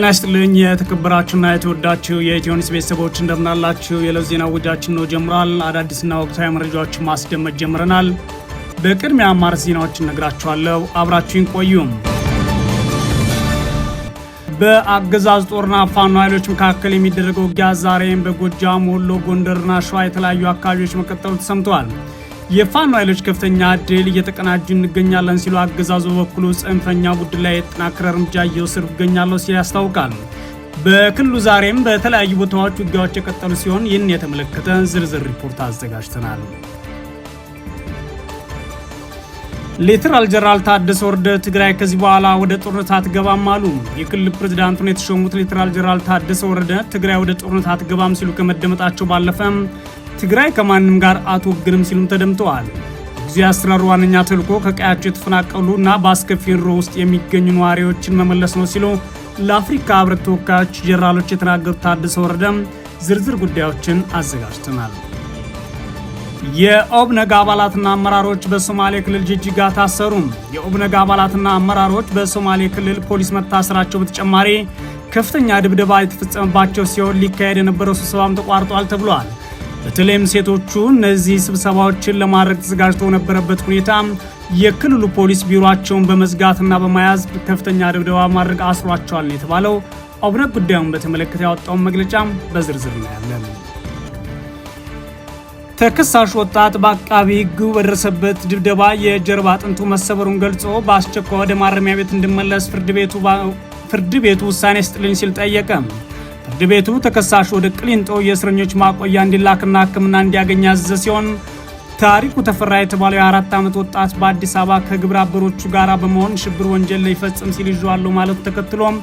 ጤና ይስጥልኝ የተከበራችሁና የተወዳችሁ የኢትዮኒስ ቤተሰቦች እንደምናላችሁ። የዕለት ዜና ውጃችን ነው ጀምሯል። አዳዲስና ወቅታዊ መረጃዎችን ማስደመጥ ጀምረናል። በቅድሚያ አማርስ ዜናዎችን እነግራችኋለሁ። አብራችሁን ቆዩም። በአገዛዝ ጦርና ፋኖ ኃይሎች መካከል የሚደረገው ውጊያ ዛሬም በጎጃም፣ ወሎ፣ ጎንደርና ሸዋ የተለያዩ አካባቢዎች መቀጠሉ ተሰምተዋል። የፋኖ ኃይሎች ከፍተኛ ድል እየተቀናጁ እንገኛለን ሲሉ አገዛዙ በበኩሉ ጽንፈኛ ቡድን ላይ የተጠናከረ እርምጃ እየወሰዱ ይገኛለሁ ሲል ያስታውቃል። በክልሉ ዛሬም በተለያዩ ቦታዎች ውጊያዎች የቀጠሉ ሲሆን ይህን የተመለከተ ዝርዝር ሪፖርት አዘጋጅተናል። ሌተናል ጀነራል ታደሰ ወረደ ትግራይ ከዚህ በኋላ ወደ ጦርነት አትገባም አሉ። የክልል ፕሬዝዳንቱን የተሾሙት ሌተናል ጀነራል ታደሰ ወረደ ትግራይ ወደ ጦርነት አትገባም ሲሉ ከመደመጣቸው ባለፈ ትግራይ ከማንም ጋር አትወግንም ሲሉም ተደምጠዋል። ጊዜ አስተዳደሩ ዋነኛ ተልዕኮ ከቀያቸው የተፈናቀሉ እና በአስከፊ ኑሮ ውስጥ የሚገኙ ነዋሪዎችን መመለስ ነው ሲሉ ለአፍሪካ ህብረት ተወካዮች ጄኔራሎች የተናገሩት ታደሰ ወረደም ዝርዝር ጉዳዮችን አዘጋጅተናል። የኦብነግ አባላትና አመራሮች በሶማሌ ክልል ጅጅጋ ታሰሩ። የኦብነግ አባላትና አመራሮች በሶማሌ ክልል ፖሊስ መታሰራቸው በተጨማሪ ከፍተኛ ድብደባ የተፈጸመባቸው ሲሆን ሊካሄድ የነበረው ስብሰባም ተቋርጧል ተብሏል። በተለይም ሴቶቹ እነዚህ ስብሰባዎችን ለማድረግ ተዘጋጅተው ነበረበት ሁኔታ የክልሉ ፖሊስ ቢሮቸውን በመዝጋትና በመያዝ ከፍተኛ ድብደባ ማድረግ አስሯቸዋል የተባለው። አብነት ጉዳዩን በተመለከተ ያወጣውን መግለጫም በዝርዝር እናያለን። ተከሳሽ ወጣት በአቃቢ ህግ በደረሰበት ድብደባ የጀርባ አጥንቱ መሰበሩን ገልጾ በአስቸኳይ ወደ ማረሚያ ቤት እንድመለስ ፍርድ ቤቱ ውሳኔ ስጥልኝ ሲል ጠየቀ። ፍርድ ቤቱ ተከሳሽ ወደ ቅሊንጦ የእስረኞች ማቆያ እንዲላክና ሕክምና እንዲያገኝ ያዘዘ ሲሆን ታሪኩ ተፈራ የተባለው የአራት ዓመት ወጣት በአዲስ አበባ ከግብረ አበሮቹ ጋር በመሆን ሽብር ወንጀል ሊፈጽም ሲል ይዤዋለሁ ማለቱ ተከትሎም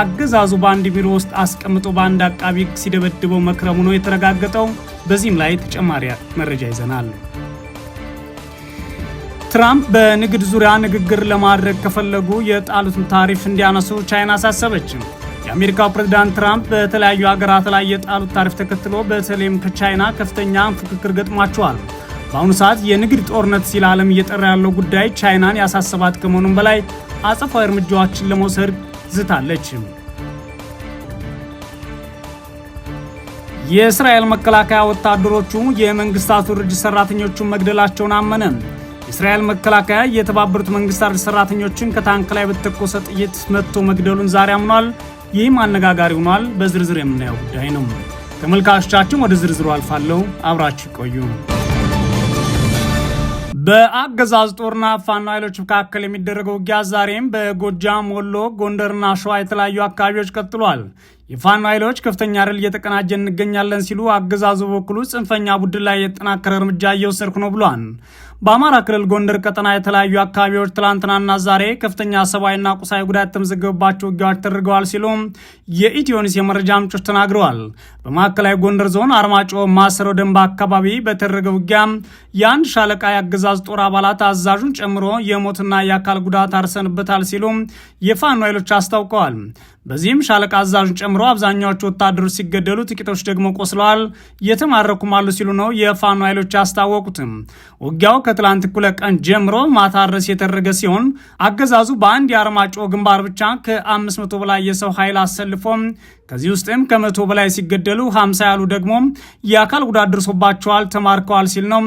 አገዛዙ በአንድ ቢሮ ውስጥ አስቀምጦ በአንድ አቃቢ ሕግ ሲደበድበው መክረሙ ነው የተረጋገጠው። በዚህም ላይ ተጨማሪ መረጃ ይዘናል። ትራምፕ በንግድ ዙሪያ ንግግር ለማድረግ ከፈለጉ የጣሉትን ታሪፍ እንዲያነሱ ቻይና አሳሰበችም። የአሜሪካው ፕሬዚዳንት ትራምፕ በተለያዩ ሀገራት ላይ የጣሉት ታሪፍ ተከትሎ በተለይም ከቻይና ከፍተኛ ፉክክር ገጥሟቸዋል። በአሁኑ ሰዓት የንግድ ጦርነት ሲል ዓለም እየጠራ ያለው ጉዳይ ቻይናን ያሳሰባት ከመሆኑም በላይ አጸፋዊ እርምጃዎችን ለመውሰድ ዝታለች። የእስራኤል መከላከያ ወታደሮቹ የመንግስታቱ ድርጅት ሰራተኞቹን መግደላቸውን አመነ። የእስራኤል መከላከያ የተባበሩት መንግስታት ሰራተኞችን ከታንክ ላይ በተተኮሰ ጥይት መጥቶ መግደሉን ዛሬ አምኗል። ይህም አነጋጋሪ ሆኗል። በዝርዝር የምናየው ጉዳይ ነው። ተመልካቾቻችን ወደ ዝርዝሩ አልፋለሁ፣ አብራችሁ ይቆዩ። በአገዛዝ ጦርና ፋኖ ኃይሎች መካከል የሚደረገው ውጊያ ዛሬም በጎጃም፣ ወሎ፣ ጎንደርና ሸዋ የተለያዩ አካባቢዎች ቀጥሏል። የፋኖ ኃይሎች ከፍተኛ ድል እየተቀናጀ እንገኛለን ሲሉ አገዛዙ በበኩሉ ጽንፈኛ ቡድን ላይ የተጠናከረ እርምጃ እየወሰድኩ ነው ብሏል። በአማራ ክልል ጎንደር ቀጠና የተለያዩ አካባቢዎች ትላንትናና ዛሬ ከፍተኛ ሰብአዊና ቁሳዊ ጉዳት የተመዘገበባቸው ውጊያዎች ተደርገዋል ሲሉ የኢትዮኒስ የመረጃ ምንጮች ተናግረዋል። በማዕከላዊ ጎንደር ዞን አርማጮ ማሰሮ ደንባ አካባቢ በተደረገ ውጊያ የአንድ ሻለቃ የአገዛዝ ጦር አባላት አዛዡን ጨምሮ የሞትና የአካል ጉዳት አርሰንበታል ሲሉ የፋኖ ኃይሎች አስታውቀዋል። በዚህም ሻለቃ አዛዥን ጨምሮ አብዛኛዎቹ ወታደሮች ሲገደሉ ጥቂቶች ደግሞ ቆስለዋል፣ እየተማረኩም አሉ ሲሉ ነው የፋኖ ኃይሎች ያስታወቁትም። ውጊያው ከትላንት እኩለ ቀን ጀምሮ ማታ ድረስ የተደረገ ሲሆን አገዛዙ በአንድ የአርማጭሆ ግንባር ብቻ ከ500 በላይ የሰው ኃይል አሰልፎም ከዚህ ውስጥም ከመቶ በላይ ሲገደሉ 50 ያሉ ደግሞ የአካል ጉዳት ደርሶባቸዋል፣ ተማርከዋል ሲል ነው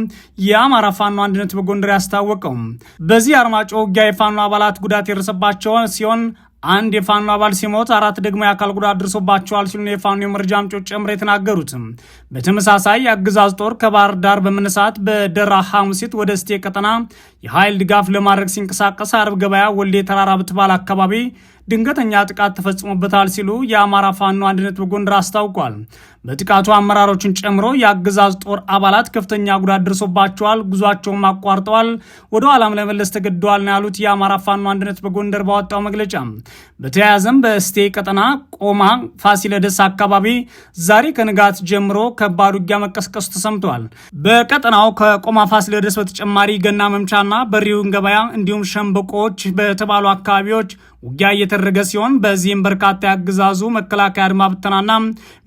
የአማራ ፋኖ አንድነት በጎንደር ያስታወቀው። በዚህ አርማጭሆ ውጊያ የፋኖ አባላት ጉዳት የደረሰባቸው ሲሆን አንድ የፋኖ አባል ሲሞት አራት ደግሞ የአካል ጉዳት ደርሶባቸዋል ሲሉ የፋኖ የመረጃ ምንጮች ጨምረው የተናገሩትም። በተመሳሳይ የአገዛዝ ጦር ከባህር ዳር በመነሳት በደራ ሐሙሲት ወደ ስቴ ቀጠና የኃይል ድጋፍ ለማድረግ ሲንቀሳቀስ አረብ ገበያ ወልዴ ተራራ ብትባል አካባቢ ድንገተኛ ጥቃት ተፈጽሞበታል ሲሉ የአማራ ፋኖ አንድነት በጎንደር አስታውቋል። በጥቃቱ አመራሮችን ጨምሮ የአገዛዝ ጦር አባላት ከፍተኛ ጉዳት ደርሶባቸዋል፣ ጉዟቸውም አቋርጠዋል፣ ወደ ኋላም ለመለስ ተገደዋል ነው ያሉት የአማራ ፋኖ አንድነት በጎንደር ባወጣው መግለጫ። በተያያዘም በእስቴ ቀጠና ቆማ ፋሲለደስ አካባቢ ዛሬ ከንጋት ጀምሮ ከባድ ውጊያ መቀስቀሱ ተሰምቷል። በቀጠናው ከቆማ ፋሲለደስ በተጨማሪ ገና መምቻና በሪውን ገበያ እንዲሁም ሸምበቆዎች በተባሉ አካባቢዎች ውጊያ እየተደረገ ሲሆን በዚህም በርካታ ያገዛዙ መከላከያ አድማ ብተናና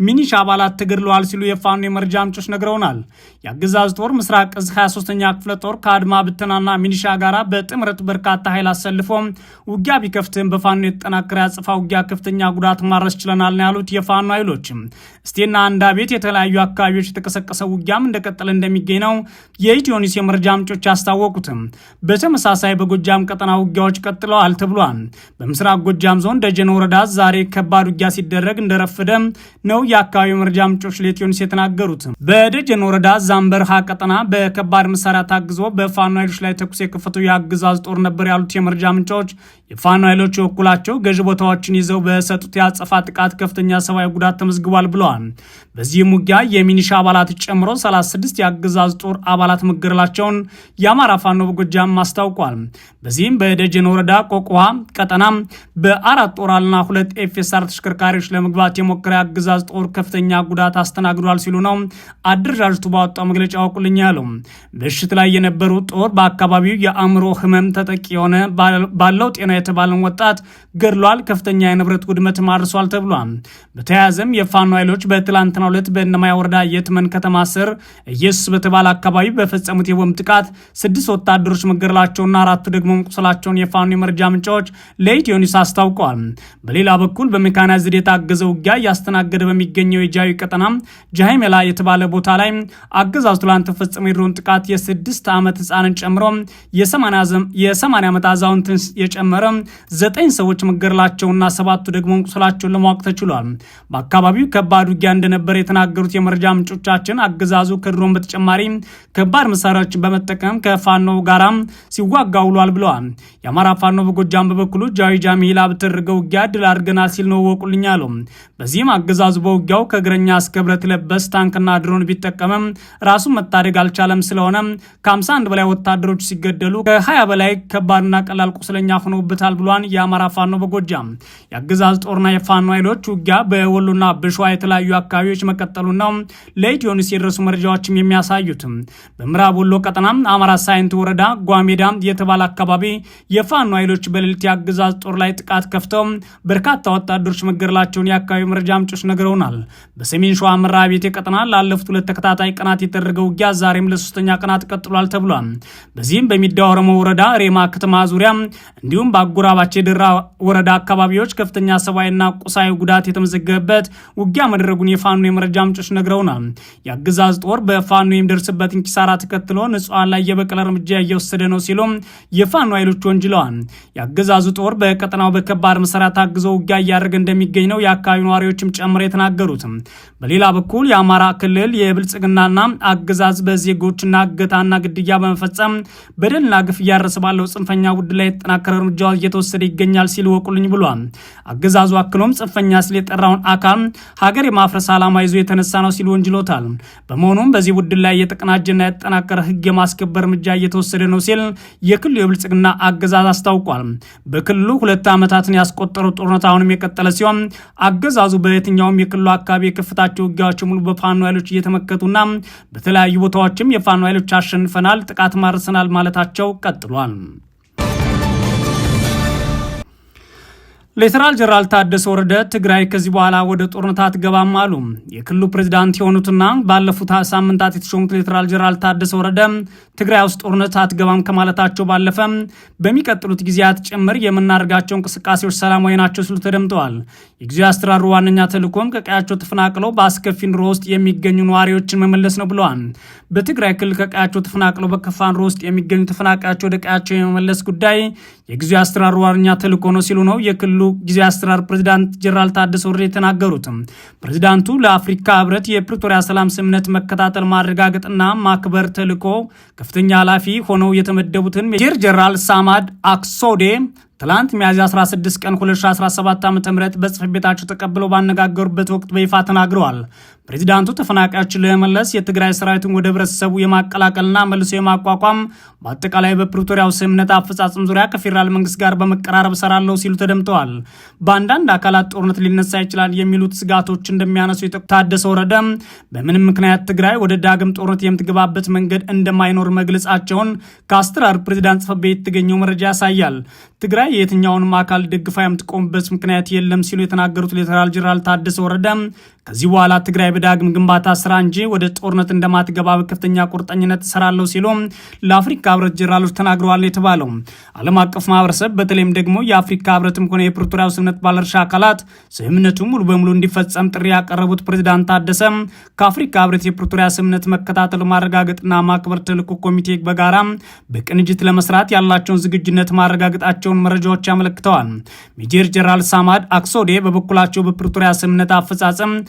ሚኒሻ አባላት ተገድለዋል ሲሉ የፋኖ የመረጃ ምንጮች ነግረውናል። የአገዛዙ ጦር ምስራቅ እዝ 23ኛ ክፍለ ጦር ከአድማ ብተናና ሚኒሻ ጋራ በጥምረት በርካታ ኃይል አሰልፎ ውጊያ ቢከፍትም በፋኖ የተጠናከረ ያጽፋ ውጊያ ከፍተኛ ጉዳት ማድረስ ችለናል ነው ያሉት የፋኖ ኃይሎች። እስቴና አንዳ ቤት የተለያዩ አካባቢዎች የተቀሰቀሰ ውጊያም እንደቀጠለ እንደሚገኝ ነው የኢትዮኒስ የመረጃ ምንጮች ያስታወቁትም። በተመሳሳይ በጎጃም ቀጠና ውጊያዎች ቀጥለዋል ተብሏል። በምስራቅ ጎጃም ዞን ደጀን ወረዳ ዛሬ ከባድ ውጊያ ሲደረግ እንደረፈደ ነው የአካባቢው መረጃ ምንጮች ለኢትዮኒውስ የተናገሩት። በደጀን ወረዳ ዛምበርሃ ቀጠና በከባድ መሳሪያ ታግዞ በፋኖ ኃይሎች ላይ ተኩስ የከፈተው የአገዛዝ ጦር ነበር ያሉት የመረጃ ምንጮች የፋኖ ኃይሎች በበኩላቸው ገዥ ቦታዎችን ይዘው በሰጡት የአጸፋ ጥቃት ከፍተኛ ሰብአዊ ጉዳት ተመዝግቧል ብለዋል። በዚህም ውጊያ የሚኒሻ አባላት ጨምሮ 36 የአገዛዝ ጦር አባላት መገደላቸውን የአማራ ፋኖ በጎጃም አስታውቋል። በዚህም በደጀን ወረዳ ቆቆሃ ቀጠናም በአራት ጦራልና ሁለት ኤፍኤስአር ተሽከርካሪዎች ለመግባት የሞከረ አገዛዝ ጦር ከፍተኛ ጉዳት አስተናግዷል ሲሉ ነው አደረጃጀቱ ባወጣው መግለጫ አውቁልኝ ያለው። ምሽት ላይ የነበሩ ጦር በአካባቢው የአእምሮ ህመም ተጠቂ የሆነ ባለው ጤና የተባለን ወጣት ገድሏል፣ ከፍተኛ የንብረት ውድመት ማድርሷል ተብሏል። በተያያዘም የፋኖ ኃይሎች በትላንትና ሁለት በእነማይ ወረዳ የትመን ከተማ ስር ኢየሱስ በተባለ አካባቢ በፈጸሙት የቦምብ ጥቃት ስድስት ወታደሮች መገደላቸውና አራቱ ደግሞ መቁሰላቸውን የፋኖ የመረጃ ምንጫዎች ለኢትዮ ዮኒስ አስታውቀዋል። በሌላ በኩል በሜካናይዝድ የታገዘ ውጊያ እያስተናገደ በሚገኘው የጃዊ ቀጠና ጃሃይሜላ የተባለ ቦታ ላይ አገዛዙ ትላንት ተፈጸመ የድሮን ጥቃት የስድስት ዓመት ህፃንን ጨምሮ የ ዓመት አዛውንትን የጨመረ ዘጠኝ ሰዎች መገደላቸውና ሰባቱ ደግሞ ቁስላቸውን ለማወቅ ተችሏል። በአካባቢው ከባድ ውጊያ እንደነበረ የተናገሩት የመረጃ ምንጮቻችን አገዛዙ ከድሮን በተጨማሪ ከባድ መሳሪያዎችን በመጠቀም ከፋኖ ጋራም ሲዋጋ ውሏል ብለዋል። የአማራ ፋኖ በጎጃም በበኩሉ አጋዥ ጃሚል አብትርገ ውጊያ ድል አድርገናል ሲል ነው ወቁልኝ አሉ። በዚህም አገዛዙ በውጊያው ከእግረኛ እስከ ብረት ለበስ ታንክና ድሮን ቢጠቀምም ራሱን መታደግ አልቻለም። ስለሆነ ከ51 በላይ ወታደሮች ሲገደሉ ከ20 በላይ ከባድና ቀላል ቁስለኛ ሆነውበታል ብሏን የአማራ ፋኖ በጎጃም የአገዛዝ ጦርና የፋኖ ኃይሎች ውጊያ በወሎና በሸዋ የተለያዩ አካባቢዎች መቀጠሉ ለኢትዮ ኒውስ የደረሱ መረጃዎችም የሚያሳዩት በምዕራብ ወሎ ቀጠና አማራ ሳይንት ወረዳ ጓሜዳ የተባለ አካባቢ የፋኖ ኃይሎች በሌሊት የአገዛዝ ጦር ላይ ጥቃት ከፍተው በርካታ ወታደሮች መገደላቸውን የአካባቢ መረጃ ምንጮች ነግረውናል። በሰሜን ሸዋ ቤቴ ቀጠና ላለፉት ሁለት ተከታታይ ቀናት የተደረገው ውጊያ ዛሬም ለሶስተኛ ቀናት ቀጥሏል ተብሏል። በዚህም በሚዳ ኦሮሞ ወረዳ ሬማ ከተማ ዙሪያ እንዲሁም በአጎራባች የደራ ወረዳ አካባቢዎች ከፍተኛ ሰብአዊና ቁሳዊ ጉዳት የተመዘገበበት ውጊያ መደረጉን የፋኖ የመረጃ ምንጮች ነግረውናል። የአገዛዝ ጦር በፋኖ የሚደርስበትን ኪሳራ ተከትሎ ንጹሐን ላይ የበቀል እርምጃ እየወሰደ ነው ሲሉም የፋኖ ኃይሎች ወንጅለዋል። የአገዛዙ ጦር በ በቀጠናው በከባድ መሳሪያ ታግዞ ውጊያ እያደረገ እንደሚገኝ ነው የአካባቢው ነዋሪዎችም ጨምሮ የተናገሩት። በሌላ በኩል የአማራ ክልል የብልጽግናና አገዛዝ በዜጎችና እገታና ግድያ በመፈጸም በደልና ግፍ እያረሰ ባለው ጽንፈኛ ቡድን ላይ የተጠናከረ እርምጃ እየተወሰደ ይገኛል ሲል ወቁልኝ ብሏል። አገዛዙ አክሎም ጽንፈኛ ሲል የጠራውን አካል ሀገር የማፍረስ ዓላማ ይዞ የተነሳ ነው ሲል ወንጅሎታል። በመሆኑም በዚህ ቡድን ላይ የተቀናጀና የተጠናከረ ህግ የማስከበር እርምጃ እየተወሰደ ነው ሲል የክልሉ የብልጽግና አገዛዝ አስታውቋል። በክልሉ ሁለት ዓመታትን ያስቆጠረው ጦርነት አሁንም የቀጠለ ሲሆን አገዛዙ በየትኛውም የክልሉ አካባቢ የከፍታቸው ውጊያዎች ሙሉ በፋኖ ኃይሎች እየተመከቱና በተለያዩ ቦታዎችም የፋኖ ኃይሎች አሸንፈናል፣ ጥቃት ማርሰናል ማለታቸው ቀጥሏል። ሌተናል ጀነራል ታደሰ ወረደ ትግራይ ከዚህ በኋላ ወደ ጦርነት አትገባም አሉ። የክልሉ ፕሬዚዳንት የሆኑትና ባለፉት ሳምንታት የተሾሙት ሌተናል ጀነራል ታደሰ ወረደ ትግራይ ውስጥ ጦርነት አትገባም ከማለታቸው ባለፈ በሚቀጥሉት ጊዜያት ጭምር የምናደርጋቸው እንቅስቃሴዎች ሰላማዊ ናቸው ሲሉ ተደምጠዋል። የጊዜያዊ አስተዳደሩ ዋነኛ ተልዕኮም ከቀያቸው ተፈናቅለው በአስከፊ ኑሮ ውስጥ የሚገኙ ነዋሪዎችን መመለስ ነው ብለዋል። በትግራይ ክልል ከቀያቸው ተፈናቅለው በከፋ ኑሮ ውስጥ የሚገኙ ተፈናቃያቸው ወደ ቀያቸው የመመለስ ጉዳይ የጊዜያዊ አስተዳደሩ ዋነኛ ተልዕኮ ነው ሲሉ ነው የክልሉ ጊዜያዊ አስተዳደር ፕሬዚዳንት ጀነራል ታደሰ ወረደ የተናገሩትም ፕሬዚዳንቱ ለአፍሪካ ህብረት የፕሪቶሪያ ሰላም ስምምነት መከታተል ማረጋገጥና ማክበር ተልዕኮ ከፍተኛ ኃላፊ ሆነው የተመደቡትን ሜጀር ጀነራል ሳማድ አክሶዴ ትላንት ሚያዝያ 16 ቀን 2017 ዓ ም ቤታቸው ተቀብለው ባነጋገሩበት ወቅት በይፋ ተናግረዋል። ፕሬዚዳንቱ ተፈናቃዮችን ለመመለስ የትግራይ ሰራዊትን ወደ ህብረተሰቡ የማቀላቀልና መልሶ የማቋቋም በአጠቃላይ በፕሪቶሪያው ስምምነት አፈጻጸም ዙሪያ ከፌዴራል መንግስት ጋር በመቀራረብ ሰራለው ሲሉ ተደምጠዋል። በአንዳንድ አካላት ጦርነት ሊነሳ ይችላል የሚሉት ስጋቶች እንደሚያነሱ የታደሰ ወረደ በምንም ምክንያት ትግራይ ወደ ዳግም ጦርነት የምትገባበት መንገድ እንደማይኖር መግለጻቸውን ከአስተራር ፕሬዚዳንት ጽፈት ቤት የተገኘው መረጃ ያሳያል። ትግራይ የትኛውንም አካል ደግፋ የምትቆምበት ምክንያት የለም ሲሉ የተናገሩት ሌተናል ጄኔራል ታደሰ ወረደ ከዚህ በኋላ ትግራይ በዳግም ግንባታ ስራ እንጂ ወደ ጦርነት እንደማትገባ በከፍተኛ ቁርጠኝነት እሰራለሁ ሲሉም ለአፍሪካ ህብረት ጀነራሎች ተናግረዋል የተባለው ዓለም አቀፍ ማህበረሰብ በተለይም ደግሞ የአፍሪካ ህብረትም ሆነ የፕሪቶሪያው ስምምነት ባለድርሻ አካላት ስምምነቱ ሙሉ በሙሉ እንዲፈጸም ጥሪ ያቀረቡት ፕሬዚዳንት ታደሰም ከአፍሪካ ህብረት የፕሪቶሪያ ስምምነት መከታተል ማረጋገጥና ማክበር ተልዕኮ ኮሚቴ በጋራ በቅንጅት ለመስራት ያላቸውን ዝግጁነት ማረጋገጣቸውን መረጃዎች ያመለክተዋል። ሜጀር ጀነራል ሳማድ አክሶዴ በበኩላቸው በፕሪቶሪያ ስምምነት አፈጻጸም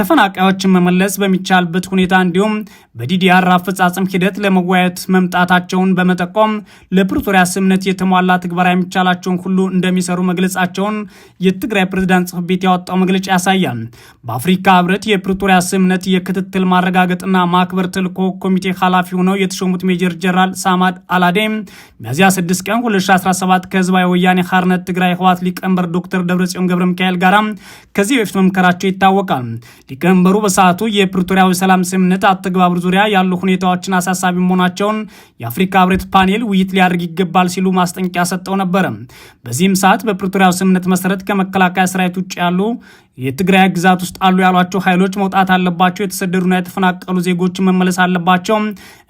ተፈናቃዮችን መመለስ በሚቻልበት ሁኔታ እንዲሁም በዲዲአር አፈጻጸም ሂደት ለመወያየት መምጣታቸውን በመጠቆም ለፕሪቶሪያ ስምነት የተሟላ ትግበራ የሚቻላቸውን ሁሉ እንደሚሰሩ መግለጻቸውን የትግራይ ፕሬዚዳንት ጽሕፈት ቤት ያወጣው መግለጫ ያሳያል። በአፍሪካ ህብረት የፕሪቶሪያ ስምነት የክትትል ማረጋገጥና ማክበር ተልዕኮ ኮሚቴ ኃላፊ ሆነው የተሾሙት ሜጀር ጀነራል ሳማድ አላዴ ሚያዝያ 6 ቀን 2017 ከህዝባዊ ወያኔ ሓርነት ትግራይ ህወሓት ሊቀመንበር ዶክተር ደብረጽዮን ገብረ ሚካኤል ጋራ ከዚህ በፊት መምከራቸው ይታወቃል። ሊቀመንበሩ በሰዓቱ የፕሪቶሪያዊ ሰላም ስምምነት አተግባብር ዙሪያ ያሉ ሁኔታዎችን አሳሳቢ መሆናቸውን የአፍሪካ ህብረት ፓኔል ውይይት ሊያደርግ ይገባል ሲሉ ማስጠንቂያ ሰጠው ነበር። በዚህም ሰዓት በፕሪቶሪያዊ ስምምነት መሰረት ከመከላከያ ሰራዊት ውጭ ያሉ የትግራይ ግዛት ውስጥ አሉ ያሏቸው ኃይሎች መውጣት አለባቸው፣ የተሰደዱና የተፈናቀሉ ዜጎች መመለስ አለባቸው፣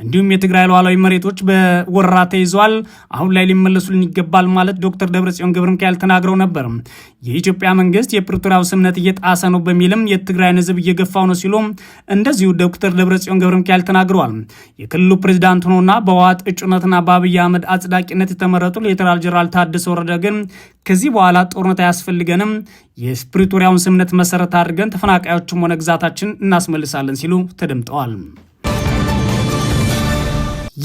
እንዲሁም የትግራይ ሉዓላዊ መሬቶች በወረራ ተይዘዋል፣ አሁን ላይ ሊመለሱልን ይገባል ማለት ዶክተር ደብረጽዮን ገብረ ሚካኤል ተናግረው ነበር። የኢትዮጵያ መንግስት የፕሪቶሪያው ስምምነት እየጣሰ ነው በሚልም የትግራይን ህዝብ እየገፋው ነው ሲሉ እንደዚሁ ዶክተር ደብረጽዮን ገብረ ሚካኤል ተናግረዋል። የክልሉ ፕሬዚዳንት ሆኖና በህወሓት እጩነትና በአብይ አህመድ አጽዳቂነት የተመረጡ ሌተናል ጀነራል ታደሰ ወረደ ግን ከዚህ በኋላ ጦርነት አያስፈልገንም፣ የፕሪቶሪያውን ስምምነት መሰረት አድርገን ተፈናቃዮችም ሆነ ግዛታችን እናስመልሳለን ሲሉ ተደምጠዋል።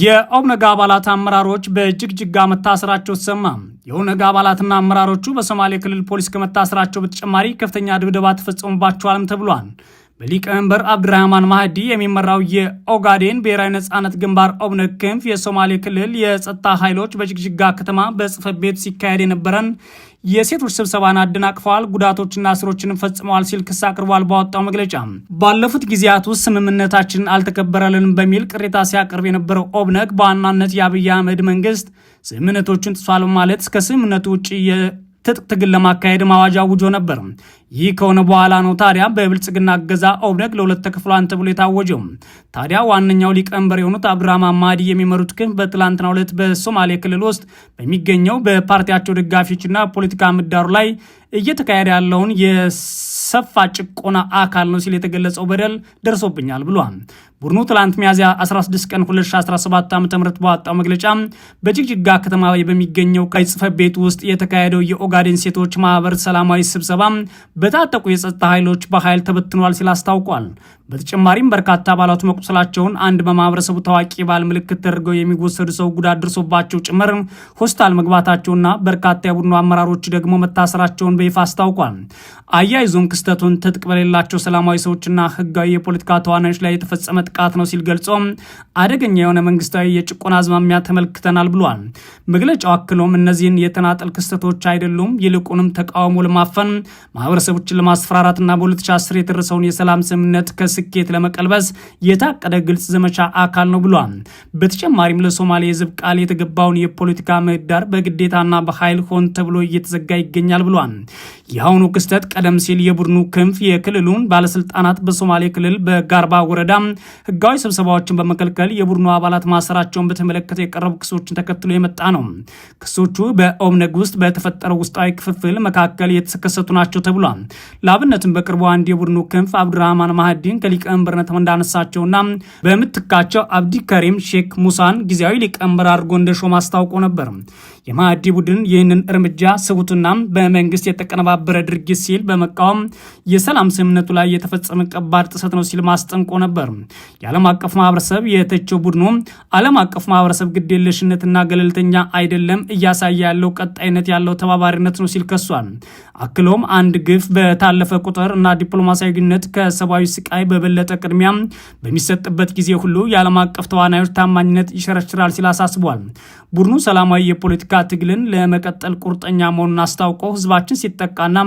የኦብነግ አባላት አመራሮች በጅግጅጋ መታሰራቸው ተሰማ። የኦብነግ አባላትና አመራሮቹ በሶማሌ ክልል ፖሊስ ከመታሰራቸው በተጨማሪ ከፍተኛ ድብደባ ተፈጸሙባቸዋልም ተብሏል። በሊቀመንበር አብድራህማን ማህዲ የሚመራው የኦጋዴን ብሔራዊ ነጻነት ግንባር ኦብነግ ክንፍ የሶማሌ ክልል የጸጥታ ኃይሎች በጅግጅጋ ከተማ በጽህፈት ቤት ሲካሄድ የነበረን የሴቶች ስብሰባን አደናቅፈዋል፣ ጉዳቶችና እስሮችንም ፈጽመዋል ሲል ክስ አቅርቧል። ባወጣው መግለጫ ባለፉት ጊዜያት ውስጥ ስምምነታችንን አልተከበረልንም በሚል ቅሬታ ሲያቀርብ የነበረው ኦብነግ በዋናነት የአብይ አህመድ መንግስት ስምምነቶችን ጥሷል በማለት ከስምምነቱ ውጭ የትጥቅ ትግል ለማካሄድ ማዋጃ ውጆ ነበር። ይህ ከሆነ በኋላ ነው ታዲያ በብልጽግና እገዛ ኦብነግ ለሁለት ተከፍሏን ተብሎ የታወጀው። ታዲያ ዋነኛው ሊቀመንበር የሆኑት አብዱራህማን ማህዲ የሚመሩት ክንፍ በትላንትናው ዕለት በሶማሌ ክልል ውስጥ በሚገኘው በፓርቲያቸው ደጋፊዎችና ፖለቲካ ምህዳሩ ላይ እየተካሄደ ያለውን የሰፋ ጭቆና አካል ነው ሲል የተገለጸው በደል ደርሶብኛል ብሏል። ቡድኑ ትላንት ሚያዝያ 16 ቀን 2017 ዓ ም በወጣው መግለጫ በጅግጅጋ ከተማ በሚገኘው ቀይ ጽሕፈት ቤት ውስጥ የተካሄደው የኦጋዴን ሴቶች ማህበር ሰላማዊ ስብሰባ በታጠቁ የጸጥታ ኃይሎች በኃይል ተበትኗል ሲል አስታውቋል። በተጨማሪም በርካታ አባላቱ መቁሰላቸውን አንድ በማህበረሰቡ ታዋቂ ባል ምልክት ተደርገው የሚወሰዱ ሰው ጉዳት ደርሶባቸው ጭምር ሆስፒታል መግባታቸውና በርካታ የቡድኑ አመራሮች ደግሞ መታሰራቸውን በይፋ አስታውቋል። አያይዞም ክስተቱን ትጥቅ በሌላቸው ሰላማዊ ሰዎችና ህጋዊ የፖለቲካ ተዋናዮች ላይ የተፈጸመ ጥቃት ነው ሲል ገልጾ አደገኛ የሆነ መንግስታዊ የጭቆና አዝማሚያ ተመልክተናል ብሏል። መግለጫው አክሎም እነዚህን የተናጠል ክስተቶች አይደሉም፣ ይልቁንም ተቃውሞ ለማፈን ማህበረሰ ግለሰቦችን ለማስፈራራትና በ2010 የደረሰውን የሰላም ስምምነት ከስኬት ለመቀልበስ የታቀደ ግልጽ ዘመቻ አካል ነው ብሏል። በተጨማሪም ለሶማሌ ህዝብ ቃል የተገባውን የፖለቲካ ምህዳር በግዴታና በኃይል ሆን ተብሎ እየተዘጋ ይገኛል ብሏል። የአሁኑ ክስተት ቀደም ሲል የቡድኑ ክንፍ የክልሉን ባለስልጣናት በሶማሌ ክልል በጋርባ ወረዳ ህጋዊ ስብሰባዎችን በመከልከል የቡድኑ አባላት ማሰራቸውን በተመለከተ የቀረቡ ክሶችን ተከትሎ የመጣ ነው። ክሶቹ በኦብነግ ውስጥ በተፈጠረው ውስጣዊ ክፍፍል መካከል የተከሰቱ ናቸው ተብሏል። ለአብነትም በቅርቡ አንድ የቡድኑ ክንፍ አብዱራህማን ማህዲን ከሊቀመንበርነት እንዳነሳቸውና በምትካቸው አብዲ ከሪም ሼክ ሙሳን ጊዜያዊ ሊቀመንበር አድርጎ እንደሾመ አስታውቆ ነበር። የማህዲ ቡድን ይህንን እርምጃ ስቡትና በመንግስት የተቀነባበረ ድርጊት ሲል በመቃወም የሰላም ስምምነቱ ላይ የተፈጸመ ከባድ ጥሰት ነው ሲል ማስጠንቆ ነበር። የዓለም አቀፍ ማህበረሰብ የተቸው ቡድኑ ዓለም አቀፍ ማህበረሰብ ግዴለሽነትና ገለልተኛ አይደለም እያሳየ ያለው ቀጣይነት ያለው ተባባሪነት ነው ሲል ከሷል። አክሎም አንድ ግፍ ሰልፍ በታለፈ ቁጥር እና ዲፕሎማሲያዊ ግንኙነት ከሰብአዊ ስቃይ በበለጠ ቅድሚያ በሚሰጥበት ጊዜ ሁሉ የዓለም አቀፍ ተዋናዮች ታማኝነት ይሸረሽራል ሲል አሳስቧል። ቡድኑ ሰላማዊ የፖለቲካ ትግልን ለመቀጠል ቁርጠኛ መሆኑን አስታውቆ ህዝባችን ሲጠቃና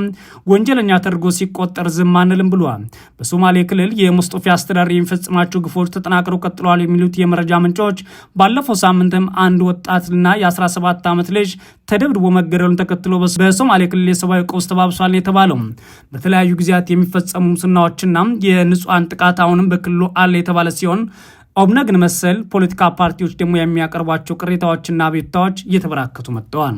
ወንጀለኛ ተደርጎ ሲቆጠር ዝም አንልም ብሏል። በሶማሌ ክልል የሙስጦፌ አስተዳደር የሚፈጽማቸው ግፎች ተጠናክረው ቀጥለዋል የሚሉት የመረጃ ምንጮች ባለፈው ሳምንትም አንድ ወጣትና የ17 ዓመት ልጅ ተደብድቦ መገደሉን ተከትሎ በሶማሌ ክልል የሰብአዊ ቀውስ ተባብሷል የተባለው በተለያዩ ጊዜያት የሚፈጸሙ ሙስናዎችና የንጹሐን ጥቃት አሁንም በክልሉ አለ የተባለ ሲሆን ኦብነግን መሰል ፖለቲካ ፓርቲዎች ደግሞ የሚያቀርቧቸው ቅሬታዎችና አቤቱታዎች እየተበራከቱ መጥተዋል።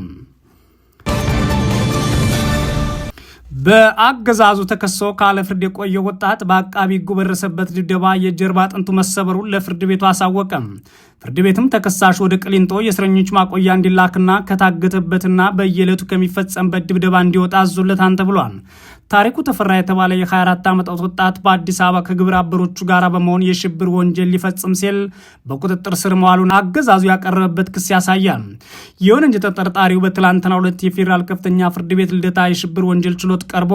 በአገዛዙ ተከሶ ካለ ፍርድ የቆየው ወጣት በአቃቢ ሕጉ በደረሰበት ድብደባ የጀርባ አጥንቱ መሰበሩን ለፍርድ ቤቱ አሳወቀም። ፍርድ ቤትም ተከሳሽ ወደ ቅሊንጦ የእስረኞች ማቆያ እንዲላክና ከታገተበትና በየዕለቱ ከሚፈጸምበት ድብደባ እንዲወጣ አዞለታን ተብሏል። ታሪኩ ተፈራ የተባለ የ24 ዓመት ወጣት በአዲስ አበባ ከግብረ አበሮቹ ጋር በመሆን የሽብር ወንጀል ሊፈጽም ሲል በቁጥጥር ስር መዋሉን አገዛዙ ያቀረበበት ክስ ያሳያል። ይሁን እንጂ ተጠርጣሪው በትላንትና ሁለት የፌዴራል ከፍተኛ ፍርድ ቤት ልደታ የሽብር ወንጀል ችሎት ቀርቦ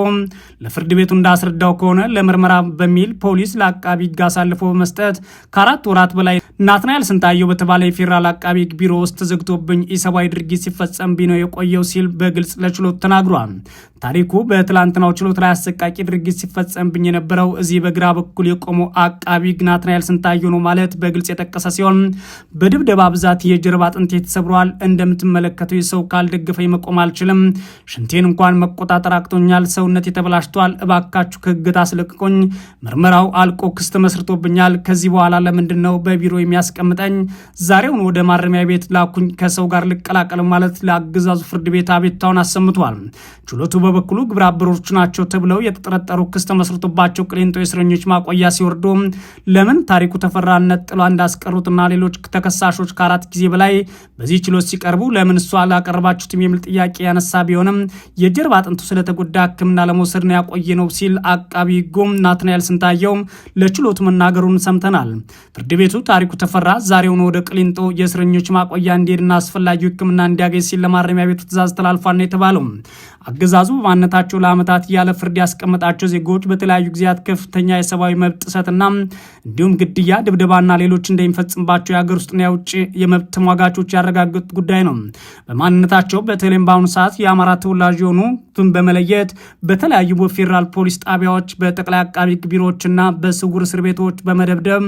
ለፍርድ ቤቱ እንዳስረዳው ከሆነ ለምርመራ በሚል ፖሊስ ለአቃቢ ሕግ አሳልፎ በመስጠት ከአራት ወራት በላይ ናትናኤል ስንታየው በተባለ የፌዴራል አቃቢ ቢሮ ውስጥ ተዘግቶብኝ ኢሰብአዊ ድርጊት ሲፈጸም ቢነው የቆየው ሲል በግልጽ ለችሎት ተናግሯል። ታሪኩ በትላንትናው ችሎት ላይ አሰቃቂ ድርጊት ሲፈጸምብኝ የነበረው እዚህ በግራ በኩል የቆመው አቃቢ ሕግ ናትናኤል ስንታየው ነው ማለት በግልጽ የጠቀሰ ሲሆን በድብደባ ብዛት የጀርባ አጥንቴ ተሰብሯል። እንደምትመለከተው የሰው ካልደገፈኝ መቆም አልችልም። ሽንቴን እንኳን መቆጣጠር አቅቶኛል። ሰውነት የተበላሽቷል። እባካችሁ ከእገታ አስለቅቆኝ ምርመራው አልቆ ክስ ተመስርቶብኛል። ከዚህ በኋላ ለምንድን ነው በቢሮ የሚያስቀምጠኝ ዛሬውን ወደ ማረሚያ ቤት ላኩኝ፣ ከሰው ጋር ልቀላቀል ማለት ለአገዛዙ ፍርድ ቤት አቤቱታውን አሰምቷል። ችሎቱ በበኩሉ ግብረ አበሮቹ ናቸው ተብለው የተጠረጠሩ ክስ ተመስርቶባቸው ቅሊንጦ የእስረኞች ማቆያ ሲወርዱ ለምን ታሪኩ ተፈራነት ጥሏ እንዳስቀሩትና ሌሎች ተከሳሾች ከአራት ጊዜ በላይ በዚህ ችሎት ሲቀርቡ ለምን እሷ አላቀረባችሁትም የሚል ጥያቄ ያነሳ ቢሆንም የጀርባ አጥንቱ ስለተጎዳ ሕክምና ለመውሰድ ነው ያቆየ ነው ሲል አቃቢ ጎም ናትናኤል ስንታየው ለችሎቱ መናገሩን ሰምተናል። ፍርድ ቤቱ ታሪኩ ተፈራ ዛሬውን ወደ ቅሊንጦ የእስረኞች ማቆያ እንዲሄድና አስፈላጊው ሕክምና እንዲያገኝ ሲል ለማረሚያ ቤቱ ትእዛዝ ተላልፏል ነው የተባለው። አገዛዙ በማንነታቸው ለአመታት ያለ ፍርድ ያስቀመጣቸው ዜጎች በተለያዩ ጊዜያት ከፍተኛ የሰብአዊ መብት ጥሰትና እንዲሁም ግድያ፣ ድብደባና ሌሎች እንደሚፈጽምባቸው የሀገር ውስጥና የውጭ የመብት ተሟጋቾች ያረጋገጡት ጉዳይ ነው። በማንነታቸው በተለይም በአሁኑ ሰዓት የአማራ ተወላጅ ቱን በመለየት በተለያዩ በፌዴራል ፖሊስ ጣቢያዎች፣ በጠቅላይ አቃቢ ቢሮዎችና በስውር እስር ቤቶች በመደብደብ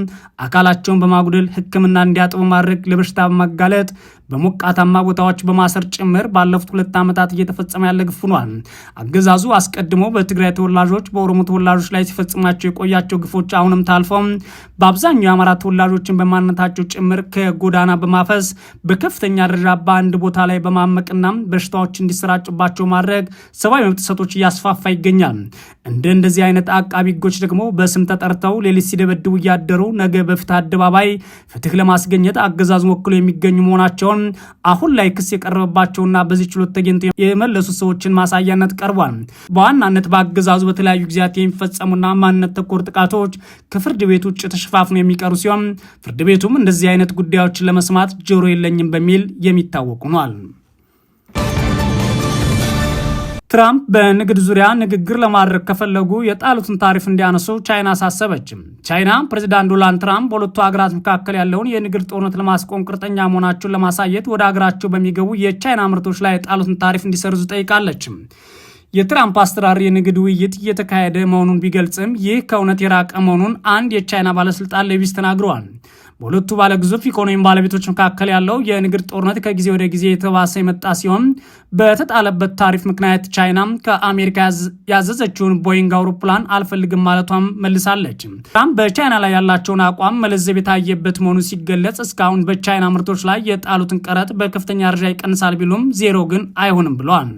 አካላቸውን በማጉደ በማጉደል ህክምና እንዲያጥቡ ማድረግ ለበሽታ ማጋለጥ በሞቃታማ ቦታዎች በማሰር ጭምር ባለፉት ሁለት ዓመታት እየተፈጸመ ያለ ግፍ ሆኗል። አገዛዙ አስቀድሞ በትግራይ ተወላጆች፣ በኦሮሞ ተወላጆች ላይ ሲፈጽማቸው የቆያቸው ግፎች አሁንም ታልፈው በአብዛኛው የአማራ ተወላጆችን በማንነታቸው ጭምር ከጎዳና በማፈስ በከፍተኛ ደረጃ በአንድ ቦታ ላይ በማመቅና በሽታዎች እንዲሰራጭባቸው ማድረግ ሰብአዊ መብት ጥሰቶች እያስፋፋ ይገኛል። እንደ እንደዚህ አይነት አቃቢ ህጎች ደግሞ በስም ተጠርተው ሌሊት ሲደበድቡ እያደሩ ነገ በፍትህ አደባባይ ፍትህ ለማስገኘት አገዛዙ ወክሎ የሚገኙ መሆናቸውን አሁን ላይ ክስ የቀረበባቸውና በዚህ ችሎት ተገኝተው የመለሱ ሰዎችን ማሳያነት ቀርቧል። በዋናነት በአገዛዙ በተለያዩ ጊዜያት የሚፈጸሙና ማንነት ተኮር ጥቃቶች ከፍርድ ቤት ውጭ ተሸፋፍኖ የሚቀሩ ሲሆን ፍርድ ቤቱም እንደዚህ አይነት ጉዳዮችን ለመስማት ጆሮ የለኝም በሚል የሚታወቁ ሆኗል። ትራምፕ በንግድ ዙሪያ ንግግር ለማድረግ ከፈለጉ የጣሉትን ታሪፍ እንዲያነሱ ቻይና አሳሰበችም። ቻይና ፕሬዚዳንት ዶናልድ ትራምፕ በሁለቱ ሀገራት መካከል ያለውን የንግድ ጦርነት ለማስቆም ቁርጠኛ መሆናቸውን ለማሳየት ወደ ሀገራቸው በሚገቡ የቻይና ምርቶች ላይ የጣሉትን ታሪፍ እንዲሰርዙ ጠይቃለችም። የትራምፕ አስተዳደር የንግድ ውይይት እየተካሄደ መሆኑን ቢገልጽም ይህ ከእውነት የራቀ መሆኑን አንድ የቻይና ባለስልጣን ሌቪስ ተናግረዋል። በሁለቱ ግዙፍ ኢኮኖሚ ባለቤቶች መካከል ያለው የንግድ ጦርነት ከጊዜ ወደ ጊዜ የተባሰ የመጣ ሲሆን በተጣለበት ታሪፍ ምክንያት ቻይና ከአሜሪካ ያዘዘችውን ቦይንግ አውሮፕላን አልፈልግም ማለቷም መልሳለች። ትራምፕ በቻይና ላይ ያላቸውን አቋም መለዘብ የታየበት መሆኑ ሲገለጽ እስካሁን በቻይና ምርቶች ላይ የጣሉትን ቀረጥ በከፍተኛ ደረጃ ይቀንሳል ቢሉም ዜሮ ግን አይሆንም ብለዋል።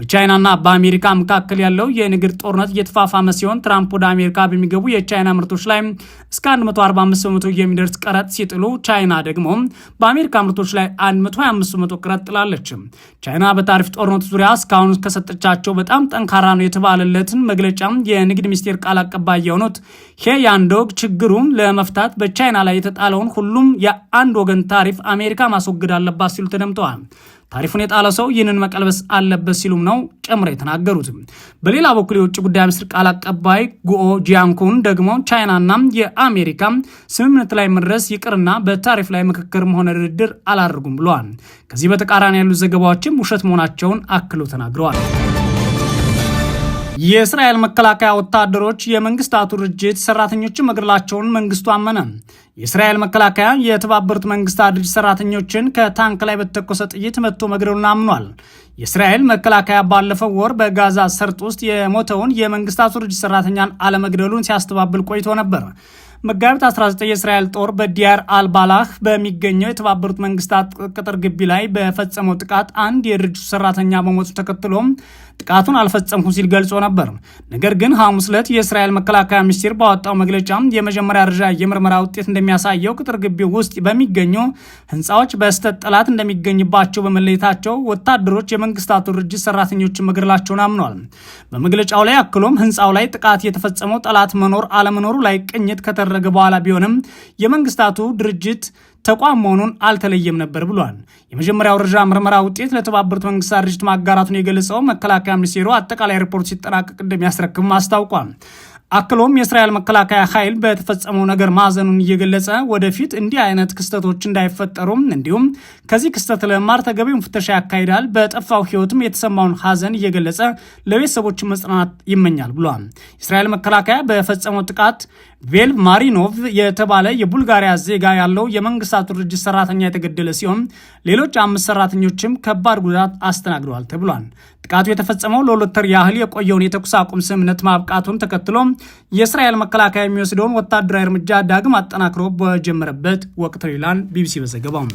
በቻይናና በአሜሪካ መካከል ያለው የንግድ ጦርነት እየተፋፋመ ሲሆን ትራምፕ ወደ አሜሪካ በሚገቡ የቻይና ምርቶች ላይ እስከ 145 በመቶ የሚደርስ ቀረ ቀረጥ ሲጥሉ ቻይና ደግሞ በአሜሪካ ምርቶች ላይ 125 በመቶ ቀረጥ ጥላለች። ቻይና በታሪፍ ጦርነት ዙሪያ እስካሁን ከሰጠቻቸው በጣም ጠንካራ ነው የተባለለትን መግለጫ የንግድ ሚኒስቴር ቃል አቀባይ የሆኑት ሄ ያንዶግ ችግሩን ለመፍታት በቻይና ላይ የተጣለውን ሁሉም የአንድ ወገን ታሪፍ አሜሪካ ማስወገድ አለባት ሲሉ ተደምጠዋል። ታሪፉን የጣለ ሰው ይህንን መቀልበስ አለበት ሲሉም ነው ጨምረው የተናገሩት። በሌላ በኩል የውጭ ጉዳይ ሚኒስትር ቃል አቀባይ ጉኦ ጂያንኩን ደግሞ ቻይናና የአሜሪካ ስምምነት ላይ መድረስ ይቅርና በታሪፍ ላይ ምክክር መሆነ ድርድር አላደርጉም ብለዋል። ከዚህ በተቃራኒ ያሉት ዘገባዎችም ውሸት መሆናቸውን አክለው ተናግረዋል። የእስራኤል መከላከያ ወታደሮች የመንግስታቱ ድርጅት ሰራተኞችን መግደላቸውን መንግስቱ አመነ። የእስራኤል መከላከያ የተባበሩት መንግስታት ድርጅት ሰራተኞችን ከታንክ ላይ በተተኮሰ ጥይት መጥቶ መግደሉን አምኗል። የእስራኤል መከላከያ ባለፈው ወር በጋዛ ሰርጥ ውስጥ የሞተውን የመንግስታቱ ድርጅት ሰራተኛን አለመግደሉን ሲያስተባብል ቆይቶ ነበር። መጋቢት 19 የእስራኤል ጦር በዲያር አልባላህ በሚገኘው የተባበሩት መንግስታት ቅጥር ግቢ ላይ በፈጸመው ጥቃት አንድ የድርጅቱ ሰራተኛ መሞቱ ተከትሎም ጥቃቱን አልፈጸምኩም ሲል ገልጾ ነበር። ነገር ግን ሐሙስ ዕለት የእስራኤል መከላከያ ሚኒስቴር ባወጣው መግለጫ የመጀመሪያ ደረጃ የምርመራ ውጤት እንደሚያሳየው ቅጥር ግቢ ውስጥ በሚገኙ ህንፃዎች በስተት ጠላት እንደሚገኝባቸው በመለየታቸው ወታደሮች የመንግስታቱ ድርጅት ሰራተኞችን መገደላቸውን አምኗል። በመግለጫው ላይ አክሎም ህንፃው ላይ ጥቃት የተፈጸመው ጠላት መኖር አለመኖሩ ላይ ቅኝት ከተደረገ በኋላ ቢሆንም የመንግስታቱ ድርጅት ተቋም መሆኑን አልተለየም ነበር ብሏል። የመጀመሪያው ደረጃ ምርመራ ውጤት ለተባበሩት መንግስታት ድርጅት ማጋራቱን የገለጸው መከላከያ ሚኒስቴሩ አጠቃላይ ሪፖርት ሲጠናቀቅ እንደሚያስረክብም አስታውቋል። አክሎም የእስራኤል መከላከያ ኃይል በተፈጸመው ነገር ማዘኑን እየገለጸ ወደፊት እንዲህ አይነት ክስተቶች እንዳይፈጠሩም እንዲሁም ከዚህ ክስተት ለመማር ተገቢውን ፍተሻ ያካሂዳል። በጠፋው ህይወትም የተሰማውን ሐዘን እየገለጸ ለቤተሰቦች መጽናናት ይመኛል ብሏል። የእስራኤል መከላከያ በፈጸመው ጥቃት ቬል ማሪኖቭ የተባለ የቡልጋሪያ ዜጋ ያለው የመንግስታቱ ድርጅት ሰራተኛ የተገደለ ሲሆን ሌሎች አምስት ሰራተኞችም ከባድ ጉዳት አስተናግደዋል ተብሏል። ጥቃቱ የተፈጸመው ለሁለተር ያህል የቆየውን የተኩስ አቁም ስምምነት ማብቃቱን ተከትሎ የእስራኤል መከላከያ የሚወስደውን ወታደራዊ እርምጃ ዳግም አጠናክሮ በጀመረበት ወቅት ይላል ቢቢሲ በዘገባው።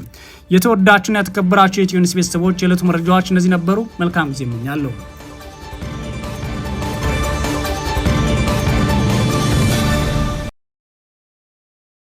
የተወዳችሁና የተከበራችሁ የኢትዮ ኒውስ ቤተሰቦች የዕለቱ መረጃዎች እነዚህ ነበሩ። መልካም ጊዜ እመኛለሁ።